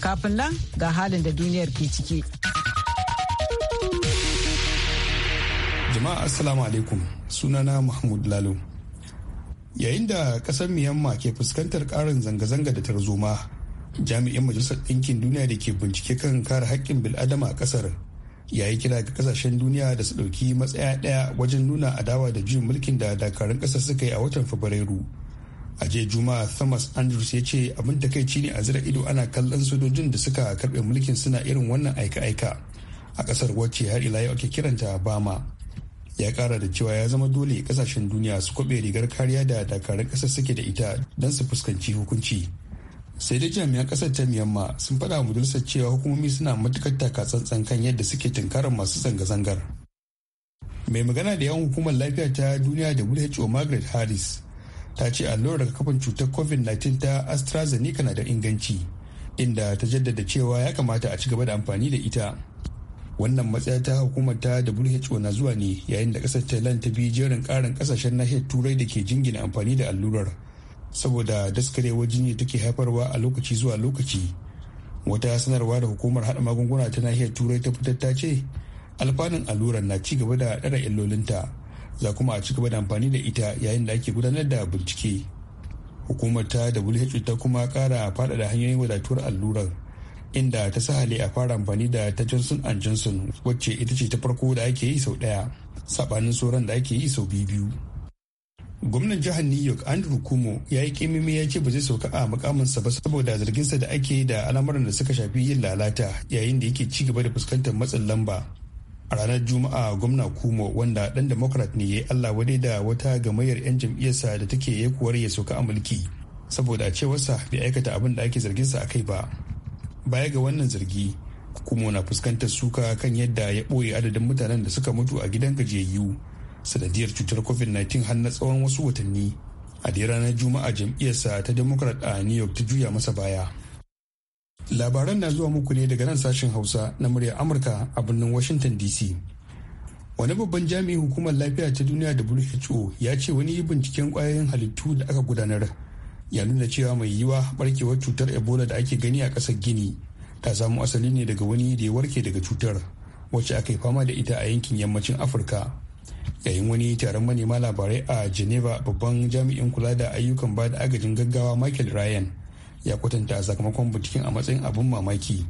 Kafin nan ga halin da duniyar ke ciki. Jama'a Assalamu alaikum sunana Mahmud Lalo. Yayin da kasar Myanmar ke fuskantar karin zanga-zanga da tarzoma, jami'in Majalisar Ɗinkin Duniya da ke bincike kan kare haƙƙin bil'adama a ƙasar yi kira ga kasashen duniya da su ɗauki matsaya ɗaya wajen nuna adawa da juyin mulkin da dakarun ƙasa suka yi a watan Fabrairu. a jiya juma'a thomas andrews ya ce abin da kai ne a zira ido ana kallon sojojin da suka karbe mulkin suna irin wannan aika-aika a kasar wacce har ila yau ake kiranta bama ya kara da cewa ya zama dole kasashen duniya su kwabe rigar kariya da dakarun kasar suke da ita don su fuskanci hukunci sai dai jami'an kasar ta miyamma sun faɗa wa majalisar cewa hukumomi suna matukar takatsantsan kan yadda suke tunkarar masu zanga-zangar mai magana da yawan hukumar lafiya ta duniya da who margaret harris ta ce allurar kafin cutar covid-19 ta astrazeneca na da inganci inda ta jaddada cewa ya kamata a ci gaba da amfani da ita wannan matsaya ta hukumar ta who na zuwa ne yayin da kasar thailand ta bi jerin karin kasashen nahiyar turai da ke jingina amfani da allurar saboda daskarewar jini take haifarwa a lokaci zuwa lokaci wata sanarwa da hukumar hada magunguna ta nahiyar turai ta fitar ta ce alfanun allurar na ci gaba da ɗara illolinta za kuma a ci gaba da amfani da ita yayin da ake gudanar da bincike hukumar ta who ta kuma kara faɗaɗa hanyoyin wadatuwar allurar inda ta sahale a fara amfani da ta johnson and johnson wacce ita ce ta farko da ake yi sau ɗaya saɓanin sauran da ake yi sau biyu biyu gwamnan jihar new york andrew kumo ya yi kimimi ya ce ba zai sauka a mukaminsa ba saboda zarginsa da ake da al'amuran da suka shafi yin lalata yayin da yake ci gaba da fuskantar matsin lamba a ranar juma'a gwamna kumo wanda dan democrat ne ya yi allah wadai da wata gamayyar 'yan jam'iyyarsa da take yakuwar ya soka a mulki saboda a cewarsa bai aikata abin da ake zargin sa kai ba baya ga wannan zargi kumo na fuskantar suka kan yadda ya ɓoye adadin mutanen da suka mutu a gidan gajiyayyu sanadiyar cutar covid-19 har na tsawon wasu watanni a da ranar juma'a jam'iyyarsa ta democrat a new york ta juya masa baya labaran na zuwa muku ne daga nan sashen hausa na murya amurka a birnin washington dc wani babban jami'in hukumar lafiya ta duniya who ya ce wani binciken kwayoyin halittu da aka gudanar ya nuna cewa mai yiwa barkewar cutar ebola da ake gani a ƙasar gini ta samu asali ne daga wani da ya warke daga cutar wacce aka yi fama da ita a yankin yammacin afirka yayin wani taron manema labarai a geneva babban jami'in kula da ayyukan ba da agajin gaggawa michael ryan ya kwatanta a sakamakon binciken a matsayin abin mamaki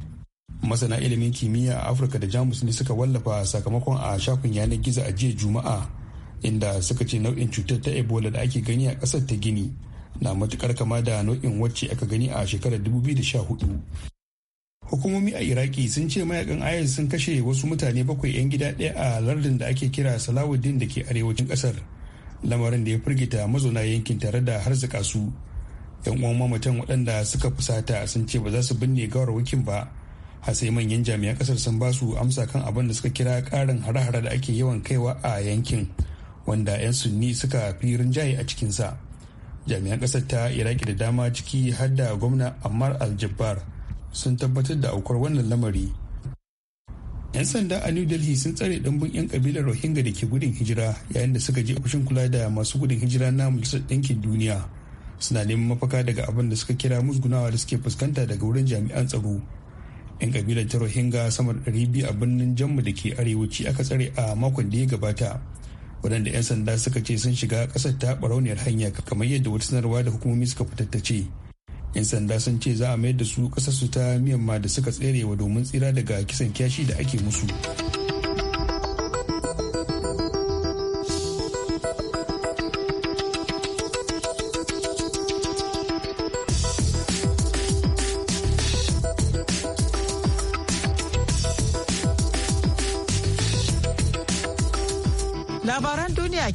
masana ilimin kimiyya a afirka da jamus ne suka wallafa sakamakon a shafin yanar gizo a jiya juma'a inda suka ce nau'in cutar ta ebola da ake gani a kasar ta gini na matukar kama da nau'in wacce aka gani a shekarar 2014 hukumomi a iraki sun ce mayakan ayyar sun kashe wasu mutane bakwai 'yan gida ɗaya a lardin da ake kira salawuddin da ke arewacin kasar lamarin da ya firgita mazauna yankin tare da harzika su yan uwan mamatan waɗanda suka fusata sun ce ba za su binne gawar gawarwakin ba har sai manyan jami'an kasar sun ba su amsa kan abin da suka kira karin hare-hare da ake yawan kaiwa a yankin wanda 'yan sunni suka fi rinjaye a cikinsa jami'an kasar ta iraki da dama ciki har da gwamna ammar aljabbar sun tabbatar da aukar wannan lamari 'yan sanda a new delhi sun tsare ɗumbin 'yan kabilar rohingya da ke gudun hijira yayin da suka je ofishin kula da masu gudun hijira na majalisar ɗinkin duniya suna neman mafaka daga abin da suka kira musgunawa da suke fuskanta daga wurin jami'an tsaro yan kabilar ta rohingya sama da ɗari biyu a birnin jammu da ke arewaci aka tsare a makon da ya gabata waɗanda 'yan sanda suka ce sun shiga ƙasar ta barauniyar hanya kamar yadda wata sanarwa da hukumomi suka fitattace 'yan sanda sun ce za a mayar da su ƙasarsu ta miyamma da suka tserewa domin tsira daga kisan kyashi da ake musu.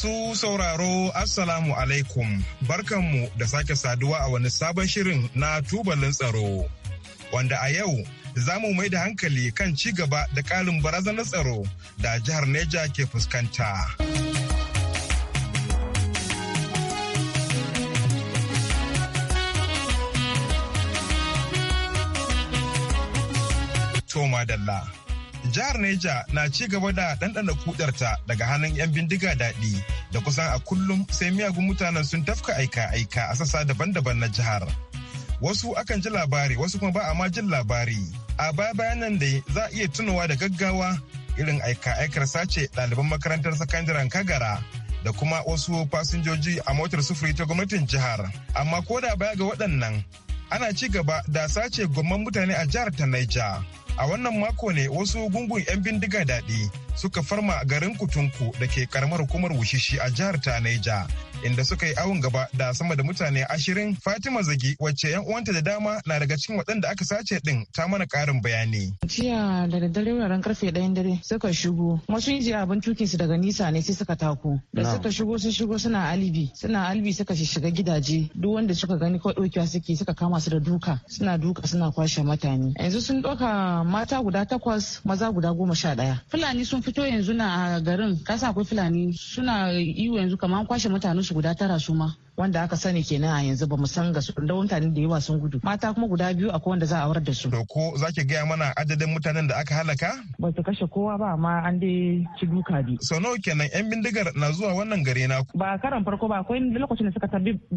Masu sauraro Assalamu alaikum barkanmu da sake saduwa a wani sabon shirin na tubalin tsaro wanda a yau za mu mai da hankali kan ci gaba da ƙarin barazanar tsaro da jihar Neja ke fuskanta. Toma Dalla. jihar Neja na ci gaba da ɗanɗana kudarta daga hannun 'yan bindiga daɗi da kusan a kullum sai miyagun mutanen sun tafka aika-aika a sassa daban-daban na jihar. Wasu akan ji labari wasu kuma ba a ma jin labari. A baya bayan nan da za a iya tunawa da gaggawa irin aika-aikar sace ɗaliban makarantar sakandaren Kagara da kuma wasu fasinjoji a motar sufuri ta gwamnatin jihar. Amma ko da baya ga waɗannan ana ci gaba da sace gomman mutane a jihar ta Niger. a wannan mako ne wasu gungun 'yan bindiga daɗi suka farma a garin Kutunku da ke karamar hukumar Wushishi a jihar Taneja. Inda suka yi awon gaba da sama da mutane ashirin Fatima Zagi wacce yan uwanta da dama na daga cikin waɗanda aka sace din ta mana ƙarin bayani. Jiya da daddare wuraren karfe ɗayan dare suka shigo wasu yi abin tukin su daga nisa ne sai suka tako da suka shigo sun shigo suna alibi suna alibi suka shiga gidaje duk wanda suka gani ko ɗaukewa suke suka kama su da duka suna duka suna kwashe mutane yanzu sun ɗauka mata guda takwas maza guda goma sha ɗaya fulani sun fito yanzu na garin kasa akwai fulani suna yi yanzu kamar kwashe mutane su guda tara su ma wanda aka sani kenan a yanzu ba mu san ga da mutane da yawa sun gudu mata kuma guda biyu akwai wanda za a aurar da su to ko zaki gaya mana adadin mutanen da aka halaka ba su kashe kowa ba amma an dai ci duka bi so nawa kenan yan bindigar na zuwa wannan gare na ba karan farko ba akwai lokacin da suka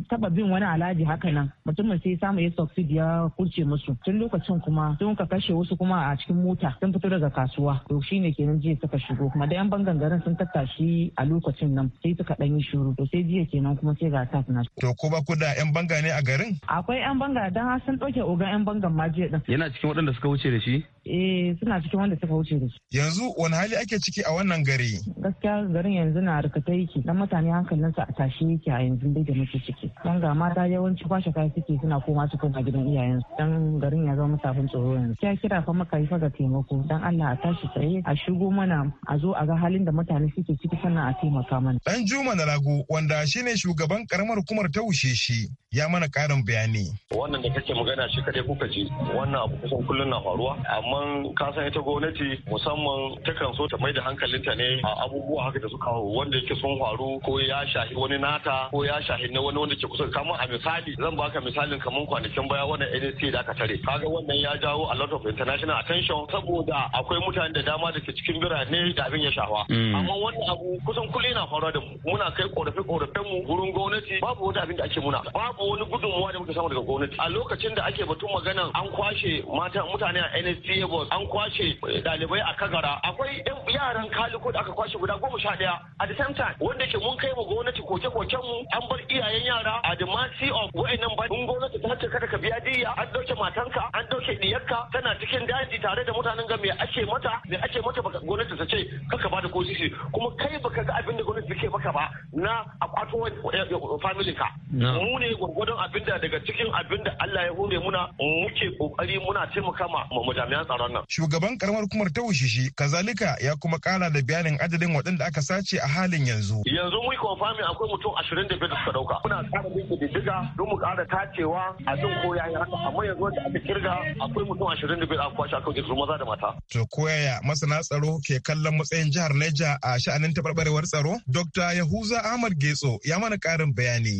taba bin wani alaji haka nan mutumin sai samu ya subsidi ya kurce musu tun lokacin kuma sun ka kashe wasu kuma a cikin mota sun fito daga kasuwa to shine kenan jiya suka shigo kuma da yan bangan garin sun tattashi a lokacin nan sai suka dan yi shiru to sai jiya kenan kuma sai ga ta suna. To ko ba ku da 'yan banga ne a garin? Akwai 'yan banga don sun ɗauke ogan 'yan bangan ma jiya ɗin. Yana cikin waɗanda suka wuce da shi? Eh suna cikin wanda suka wuce da shi. Yanzu wani hali ake ciki a wannan gari? Gaskiya garin yanzu na rikata yake dan mutane hankalin sa a tashi yake a yanzu dai da muke ciki. Dan ga mata yawanci kwashe kai suke suna koma su koma gidan iyayen dan garin ya zama sabon tsoro yanzu. Kiya kira fa maka yi ga taimako dan Allah a tashi tsaye a shigo mana a zo a ga halin da mutane suke ciki sannan a taimaka mana. Dan Juma na Rago wanda shine shugaban karamar karamar kumar ta wushe shi ya mana karin bayani. Wannan da kake magana shi kadai kuka ji wannan abu kusan kullum na faruwa amma ka san ita gwamnati musamman takan so ta mai da hankalinta ne a abubuwa haka da suka wanda yake sun faru ko ya shahi wani nata ko ya shahi na wani wanda ke kusa kamar a misali zan baka misalin kamar kwanakin baya wannan NSC da aka tare kaga wannan ya jawo a lot of international attention saboda akwai mutane da dama da ke cikin birane da abin ya shafa mm. amma wannan abu kusan kullum na faruwa da mu muna kai korafe korafen mu gurin gwamnati babu wani abin da ake muna babu wani gudunmuwa da muka samu daga gwamnati a lokacin da ake batun maganan an kwashe mata mutane a NSTA bus an kwashe dalibai eh, a Kagara akwai yaran kaliko da aka kwashe guda goma sha daya at the same time wanda ke mun kai mu gwamnati koke koken mu an bar iyayen yara a the mercy of wa'annan ba gwamnati ta ce kada ka biya diya an dauke matanka an dauke diyarka tana cikin daji tare da mutanen ga me ake mata me ake mata baka gwamnati ta ce kaka ba da kosisi kuma kai baka ga abin da gwamnati ke maka ba na a kwato eh, eh, familinka mu ne gwargwadon abinda daga cikin abinda Allah ya hore muna muke kokari muna taimaka ma jami'an tsaron nan shugaban karamar hukumar ta wushishi kazalika ya kuma kara da bayanin adadin waɗanda aka sace a halin yanzu yanzu mu konfami akwai mutum 25 da suka dauka muna tsara bin diddiga don mu kara tacewa a bin ko yayi haka amma yanzu da aka kirga akwai mutum 25 a kwashe akan maza da mata to koyaya masana tsaro ke kallon matsayin jihar Neja a sha'anin tabarbarewar tsaro Dr. Yahuza Ahmad Getso ya mana karin bayani ne.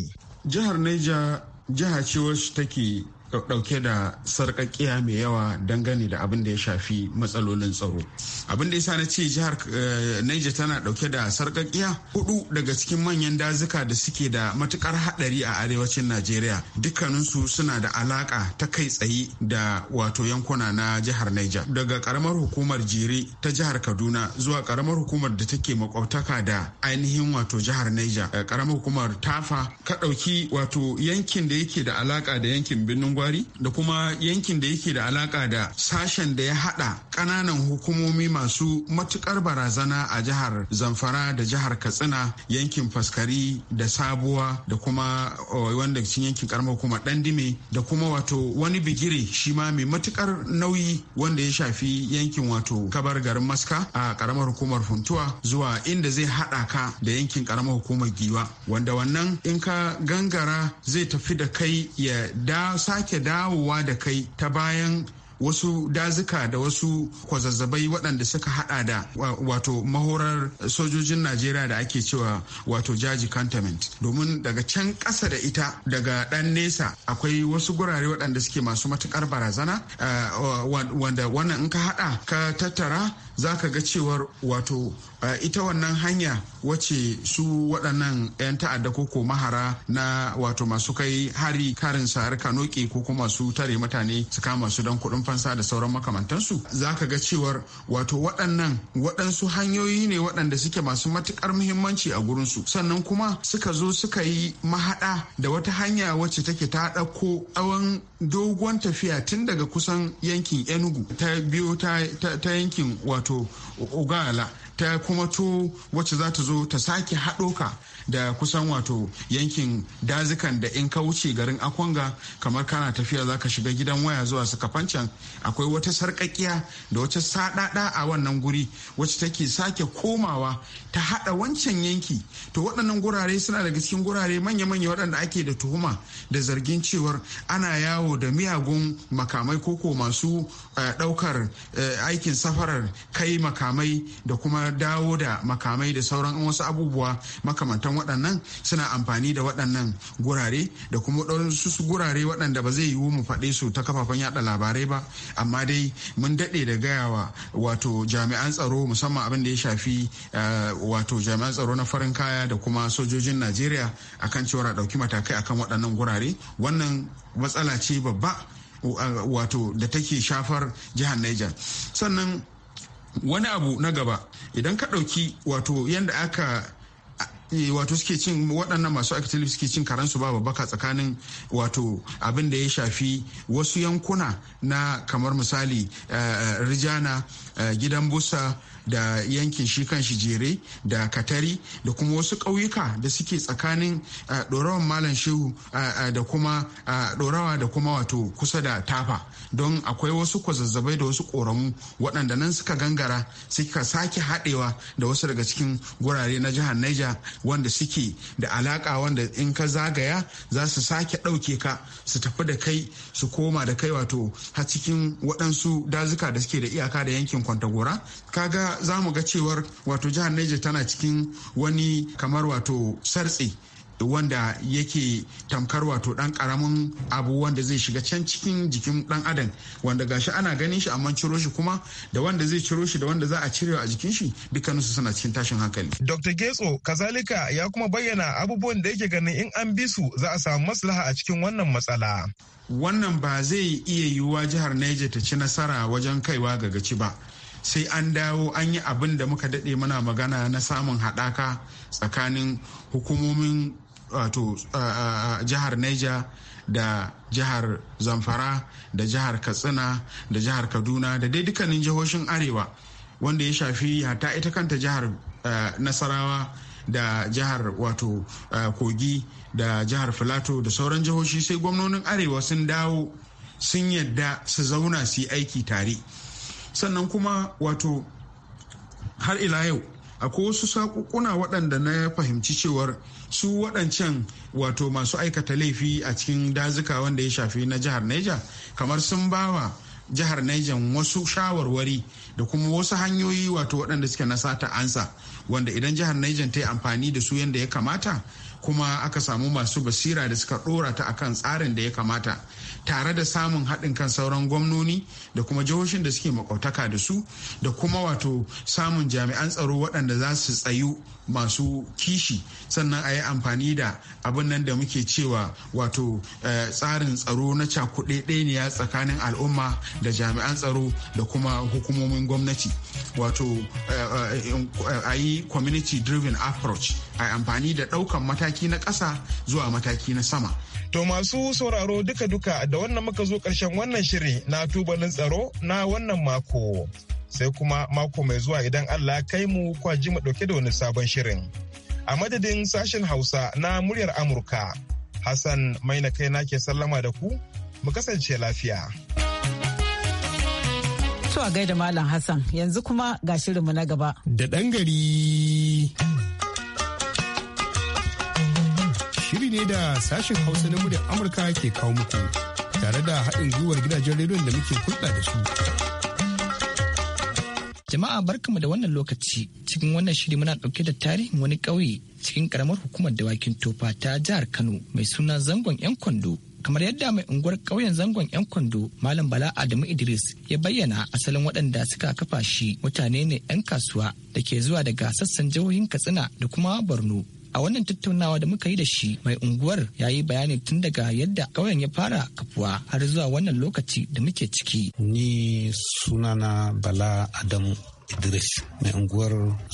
Jihar Neja jiha ce wacce take dauke da sarkakkiya mai yawa dangane da abin da ya shafi matsalolin tsaro abin da yasa na ce jihar eh, niger tana dauke da sarkakkiya hudu daga cikin manyan dazuka da suke da matukar hadari a arewacin najeriya dukkaninsu suna da alaka ta kai tsaye da wato yankuna na jihar niger daga karamar hukumar jere ta jihar kaduna zuwa karamar hukumar da take makwabtaka da ainihin wato jihar niger eh, karamar hukumar tafa ka ɗauki wato yankin da yake da alaka da yankin birnin kwari da kuma yankin da yake da alaka da sashen da ya hada kananan hukumomi masu matukar barazana a jihar zamfara da jihar katsina yankin faskari da sabuwa da kuma wanda cikin yankin karamar kuma dandime da kuma wato wani bigire shi ma mai matukar nauyi wanda ya shafi yankin wato kabar garin maska a karamar hukumar funtuwa zuwa inda zai hada ka da yankin karamar hukumar giwa wanda wannan in ka gangara zai tafi da kai ya da sake sake dawowa da kai ta bayan wasu dazuka da wasu kwazazzabai waɗanda suka hada da wato mahorar sojojin najeriya da ake cewa wato jaji cantonment domin daga can ƙasa da ita daga ɗan nesa akwai wasu gurare waɗanda suke masu matuƙar barazana eh, wanda wannan in ka hada ka tattara za ka ga cewar wato ita wannan hanya wace su waɗannan 'yan ta'adda ko mahara na wato masu kai hari karin sa'ar kanoki ko kuma su tare mutane su kama su don kuɗin fansa da sauran makamantansu za ka ga cewar wato waɗannan waɗansu hanyoyi ne waɗanda suke masu matuƙar muhimmanci a gurinsu sannan kuma suka zo suka yi mahaɗa da wata hanya wacce take ta ɗauko tsawon doguwan tafiya tun daga kusan yankin enugu ta biyo ta yankin wato wato ogala ta kuma to wacce za ta zo ta sake haɗo ka da kusan wato yankin dazikan da in ka wuce garin akwanga kamar kana tafiya za ka shiga gidan waya zuwa kafancan akwai wata sarkakiya da wata sadada a wannan guri wacce take sake komawa ta hada wancan yanki to waɗannan gurare suna daga cikin gurare manya-manya waɗanda ake da tuhuma da zargin cewar ana yawo da miyagun makamai koko masu eh, ɗaukar eh, aikin safarar kai makamai da kuma dawo da makamai da sauran wasu abubuwa makamantan waɗannan suna amfani da waɗannan gurare da kuma su gurare waɗanda ba zai yiwu mu faɗe su ta kafafen yada labarai ba amma dai mun daɗe da gayawa wato jami'an tsaro musamman abin da ya shafi eh, wato jami'an tsaro na farin kaya da kuma sojojin najeriya akan cewa a ɗauki matakai akan waɗannan gurare wannan matsala ce babba eh, wato da take shafar jihar Niger. Sannan wani abu na gaba idan ka ɗauki wato yadda aka Eh, wato suke cin waɗannan masu activism suke cin karansu ba babaka tsakanin wato abin da ya shafi wasu yankuna na kamar misali eh, eh, rijana gidan busa da yankin shi kan shi jere da katari da kuma wasu ƙauyuka da suke tsakanin ɗorawan malam shehu da kuma ɗorawa da kuma wato kusa da tafa don akwai wasu kwazazzabai da wasu ƙoramu waɗanda nan suka gangara suka sake haɗewa da wasu daga cikin gurare na jihar Niger wanda suke da alaƙa wanda in ka zagaya za su sake ɗauke ka su tafi da kai su koma da kai wato har cikin waɗansu dazuka da suke da iyaka da yankin kwantagora kaga za mu ga cewar wato jihar Niger tana cikin wani kamar wato sartse wanda yake tamkar wato dan karamin abu wanda zai shiga can cikin jikin dan adam wanda gashi ana ganin shi amma ciro shi kuma da wanda zai ciro shi da wanda za a cire a jikin shi dukkaninsu suna cikin tashin hankali. Dr. Getso kazalika ya kuma bayyana abubuwan da yake ganin in an bi su za a samu maslaha a cikin wannan matsala. Wannan ba zai iya yiwuwa jihar Niger ta ci nasara wajen kaiwa ga gaci ba. sai an dawo an yi abin da muka daɗe muna magana na samun haɗaka tsakanin hukumomin jihar Niger da jihar Zamfara da jihar Katsina da jihar Kaduna da dai dukkanin jihohin Arewa wanda ya shafi hata ita kanta jihar Nasarawa da jihar wato Kogi da jihar Filato da sauran jihohi sai gwamnonin Arewa sun dawo sun yadda su zauna su yi aiki tare. sannan kuma wato har ila yau akwai wasu sakukuna waɗanda na fahimci cewar su waɗancan wato masu aikata laifi a cikin dazuka wanda ya shafi na jihar Niger kamar sun bawa jihar Niger wasu shawarwari da kuma wasu hanyoyi wato waɗanda suke na sata ansa wanda idan jihar Niger ta yi amfani da su yadda ya kamata kuma aka samu masu basira da suka ɗora ta akan tsarin da ya kamata tare da samun haɗin kan sauran gwamnoni da kuma jihohin da suke makautaka da su da kuma wato samun jami'an tsaro waɗanda za su tsayu masu kishi sannan a yi amfani da abin nan da muke cewa wato eh, tsarin tsaro na ya tsakanin al'umma da jami'an tsaro da kuma hukumomin gwamnati wato eh, eh, a yi community driven approach a amfani da ɗaukan mataki na ƙasa zuwa mataki na sama To masu sauraro duka-duka da wannan muka zo ƙarshen wannan shiri na tubalin tsaro na wannan mako. sai kuma mako mai zuwa idan Allah kai mu kwaji mu ɗauke da wani sabon shirin. A madadin sashen Hausa na muryar Amurka, Hassan maina kai na sallama da ku, mu kasance lafiya. To a gaida Malam Hassan yanzu kuma ga shirinmu na gaba. Da ɗan gari. Shiri ne da sashen Hausa na muryar Amurka ke kawo muku tare da haɗin gwiwar gidajen rediyon da muke kulɗa da su. Jama'a barkamu da wannan lokaci cikin wannan shiri muna ɗauke da tarihin wani ƙauye cikin ƙaramar hukumar dawakin tofa ta jihar Kano mai suna zangon 'yan kwando. Kamar yadda mai unguwar ƙauyen zangon 'yan kwando Malam Bala Adamu Idris ya bayyana asalin waɗanda suka kafa shi mutane ne 'yan kasuwa da ke zuwa daga sassan jihohin Katsina da kuma Borno a wannan tattaunawa da muka yi da shi mai unguwar ya yi bayani tun daga yadda ƙauyen ya fara kafuwa har zuwa wannan lokaci da muke ciki ni sunana bala adamu Idris mai unguwar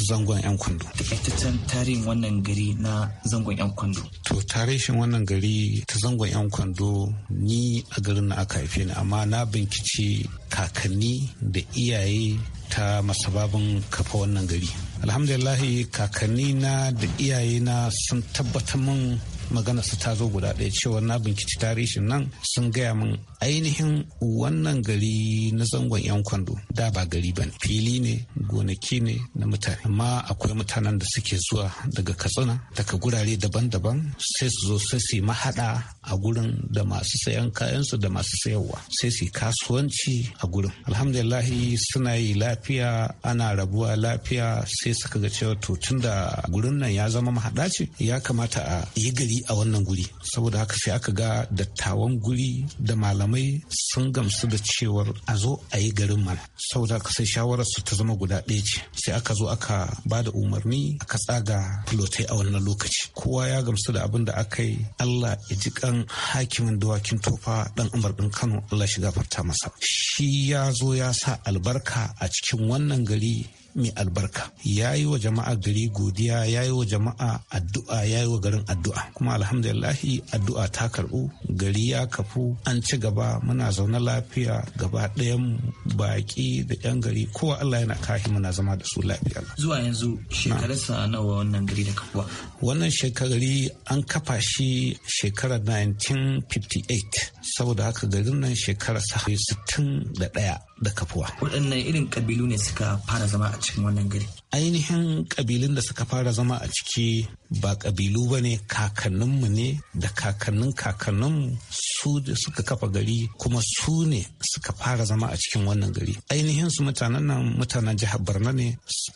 zangon 'yan kundu. Takaitaccen tarihin wannan gari na zangon 'yan kundu. To tarihin wannan gari ta zangon 'yan kundu ni a garin na aka haife ni amma na bincike kakanni da iyaye ta masababin kafa wannan gari. alhamdulillahi kakanni na da iyaye na sun tabbatar min magana su ta zo guda ɗaya cewa na binciki tarihin nan sun gaya min ainihin wannan gari na zangon yan kwando da ba gari ba fili ne gonaki ne na mutane amma akwai mutanen da suke zuwa daga katsina daga gurare daban-daban sai su zo sai su mahaɗa a gurin da masu sayan kayansu da masu sayarwa sai su kasuwanci a gurin alhamdulillahi suna yi lafiya ana rabuwa lafiya sai suka ga cewa to tun da gurin nan ya zama mahaɗa ya kamata a yi gari a wannan guri saboda haka sai aka ga dattawan guri da malamai sun gamsu da cewar a zo a yi garin mana saboda haka sai shawarar su ta zama guda ɗaya ce sai aka zo aka ba da umarni aka tsaga filotai a wannan lokaci kowa ya gamsu da abin da aka yi allah ya ji kan hakimin dawakin tofa dan umar din kano allah shi gafarta masa shi ya zo ya sa albarka a cikin wannan gari mai albarka ya yi wa jama'a gari godiya ya yi wa jama'a addu'a ya yi wa garin addu'a kuma alhamdulillahi addu'a ta karbu gari ya kafu an ci gaba muna zaune lafiya gaba ɗayan baki da yan gari kowa Allah yana kahi muna zama da su lafiya zuwa yanzu shekararsa nawa wannan gari da kafuwa wannan shekarari an kafa shi shekarar 1958 saboda haka garin nan shekara sa sittin da ɗaya da kafuwa waɗannan irin ƙabilu ne suka fara zama a cikin wannan gari ainihin kabilun da suka fara zama a ciki ba kabilu ba ne kakanninmu ne da kakannin kakanninmu su da suka kafa gari kuma su ne suka fara zama a cikin wannan gari ainihin su mutanen nan mutanen jihar borno ne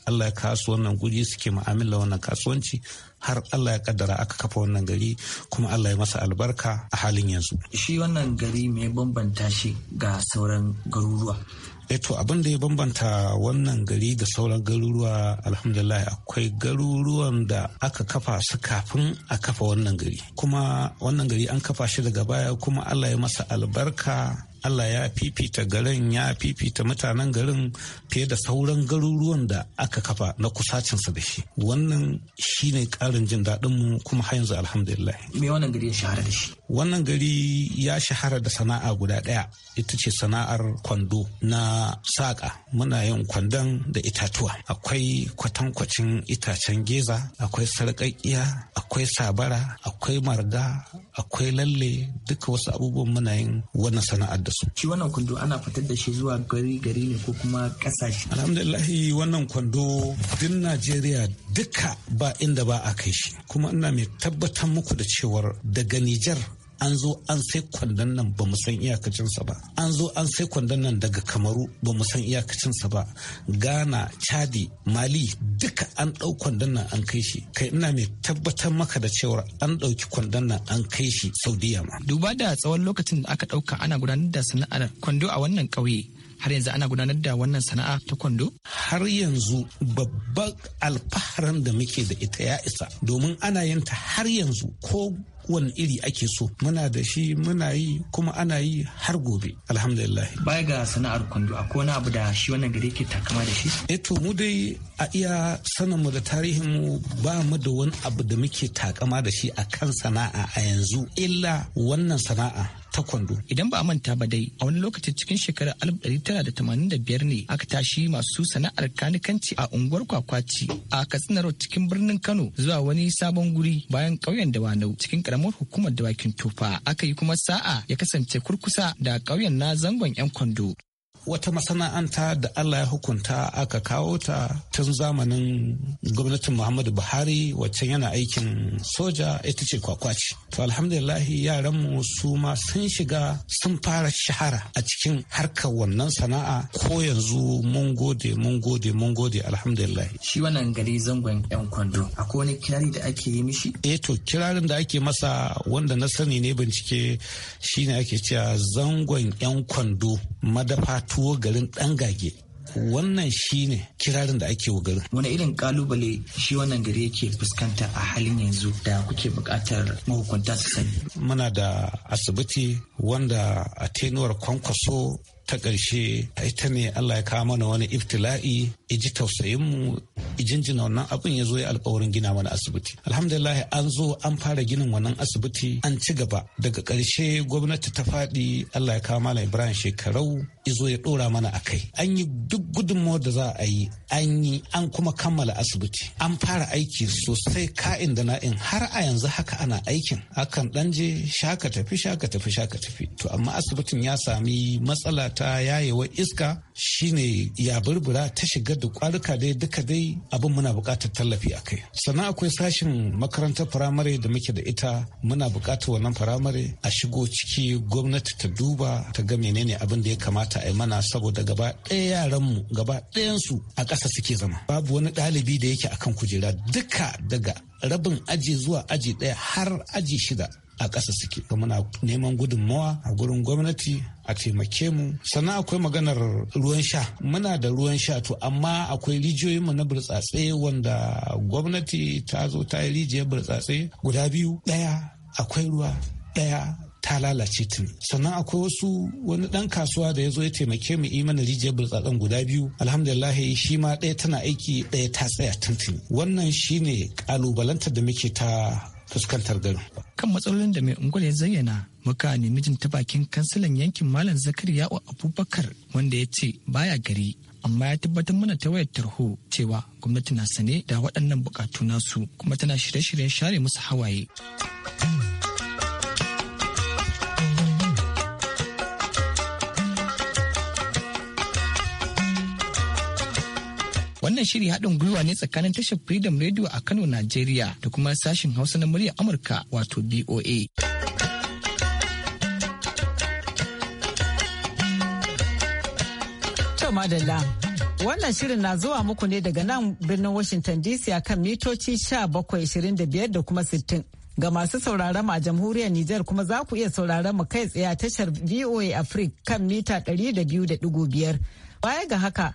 allah ya kasu wannan guri suke mu'amala wannan kasuwanci har Allah ya kaddara aka kafa wannan gari kuma Allah ya masa albarka a halin yanzu. Shi wannan gari mai bambanta shi ga sauran garuruwa. Eh, to abin da ya bambanta wannan gari da sauran garuruwa alhamdulillah akwai garuruwan da aka kafa su kafin a kafa wannan gari kuma wannan gari an kafa shi daga baya kuma allah ya masa albarka Allah ya fifita garin ya fifita mutanen garin fiye da sauran garuruwan da aka kafa na kusacinsa da shi wannan shi ne karin jin daɗinmu kuma har yanzu alhamdulillah me wannan gari ya shahara da shi wannan gari ya shahara da sana'a guda ɗaya ita ce sana'ar kwando na saƙa muna yin kwandon da itatuwa akwai kwatankwacin itacen geza akwai sarƙaƙƙiya. akwai sabara akwai marga akwai lalle duka wasu abubuwan muna yin wannan sana'ar da su shi wannan kwando ana fitar da shi zuwa gari gari ne ko kuma kasashe alhamdulillah wannan kwando din najeriya duka ba inda ba a kai shi kuma ina mai tabbatar muku da cewar daga nijar an zo an sai kwandon nan ba mu san iyakacinsa ba an zo an sai kwandon nan daga kamaru ba mu san iyakacinsa ba ghana chadi mali duka an ɗau kwandon nan an kai shi kai ina mai tabbatar maka da cewa an ɗauki kwandon nan an kai shi saudiya ma duba da tsawon lokacin da aka ɗauka ana gudanar da sana'ar kwando a wannan ƙauye har yanzu ana gudanar da wannan sana'a ta kwando? Har yanzu babban alfaharan da muke da ita ya isa domin ana yin ta har yanzu ko wani iri ake so muna da shi muna yi kuma ana yi har gobe alhamdulillah baya ga sana'ar kwando akwai wani abu da shi wannan gari ke takama da shi eh mu dai a iya sanin mu da tarihin mu ba mu da wani abu da muke takama da shi akan sana'a a yanzu illa wannan sana'a ta idan ba a manta ba dai a wani lokaci cikin shekarar 1985 ne aka tashi masu sana'ar kanikanci a unguwar kwakwaci a katsina road cikin birnin kano zuwa wani sabon guri bayan ƙauyen dawanau cikin karamar hukumar dawakin tufa aka yi kuma sa'a ya kasance kurkusa da ƙauyen na zangon yan kwando wata masana'anta da Allah ya hukunta aka kawo ta tun zamanin gwamnatin Muhammadu Buhari wacce yana aikin soja ita ce kwakwaci. To yaran yaranmu su ma sun shiga sun fara shahara a cikin harkar wannan sana'a ko yanzu mun gode mun gode mun gode alhamdulillah. Shi wannan gari zangon yan kwando akwai wani kirari da ake yi mishi? Eh to kirarin da ake masa wanda na sani ne bincike shine ake cewa zangon yan kwando madafa tuwo garin ɗan gage wannan shine kirarin da ake garin. wani irin kalubale shi wannan gari yake fuskanta a halin yanzu da kuke bukatar mahukunta su sani muna da asibiti wanda a tenuwar kwankwaso ta ƙarshe ita ne Allah ya kawo mana wani iftila'i iji tausayinmu jinjina wannan abin ya zo ya alkawarin gina mana asibiti alhamdulillah an zo an fara ginin wannan asibiti an ci gaba daga ƙarshe gwamnati ta faɗi Allah ya kawo mana Ibrahim shekarau izo ya ɗora mana a kai an yi duk gudunmawar da za a yi an yi an kuma kammala asibiti an fara aiki sosai ka'in da na'in har a yanzu haka ana aikin akan ɗan je shaka tafi shaka tafi shaka tafi to amma asibitin ya sami matsala ta yayewa iska shine ya burbura ta shiga da kwaruka dai duka dai abin muna bukatar tallafi a kai sannan akwai sashin makarantar firamare da muke da ita muna bukatar wannan firamare a shigo ciki gwamnati ta duba ta ga menene abin da ya kamata a yi mana saboda gaba ɗaya yaran mu gaba su a ƙasa suke zama babu wani ɗalibi da yake akan kujera duka daga rabin aji zuwa aji ɗaya har aji shida a ƙasa suke muna neman gudunmawa a gurin gwamnati a taimake mu sannan akwai maganar ruwan sha muna da ruwan sha to amma akwai rijiyoyinmu na burtsatse wanda gwamnati ta zo ta yi rijiyar burtsatse guda biyu ɗaya akwai ruwa ɗaya ta lalace tuni sannan akwai wasu wani ɗan kasuwa da ya zo ya taimake mu imana rijiyar burtsatsen guda biyu alhamdulillah shi ma ɗaya tana aiki ɗaya ta tsaya tun-tun wannan shine ƙalubalantar da muke ta fuskantar gari. Kan matsalolin da mai unguwar ya zayyana muka nemi jin ta bakin kansilan yankin Malam Zakariya Abubakar wanda ya ce baya gari amma ya tabbatar mana ta wayar tarho cewa gwamnati na sane da waɗannan bukatu nasu kuma tana shirye-shiryen share musu hawaye. Wannan shiri haɗin gwiwa ne tsakanin tashar Freedom Radio a Kano, nigeria da kuma sashin Hausa na muryar Amurka wato BOA. madalla. Wannan shirin na zuwa muku ne daga nan birnin Washington DC a kan mitoci 1725 da kuma 60. Ga masu sauraron a jamhuriyar Nijar kuma za ku iya sauraron mu kai tsaye tashar VOA Africa kan mita 200.5. Baya ga haka,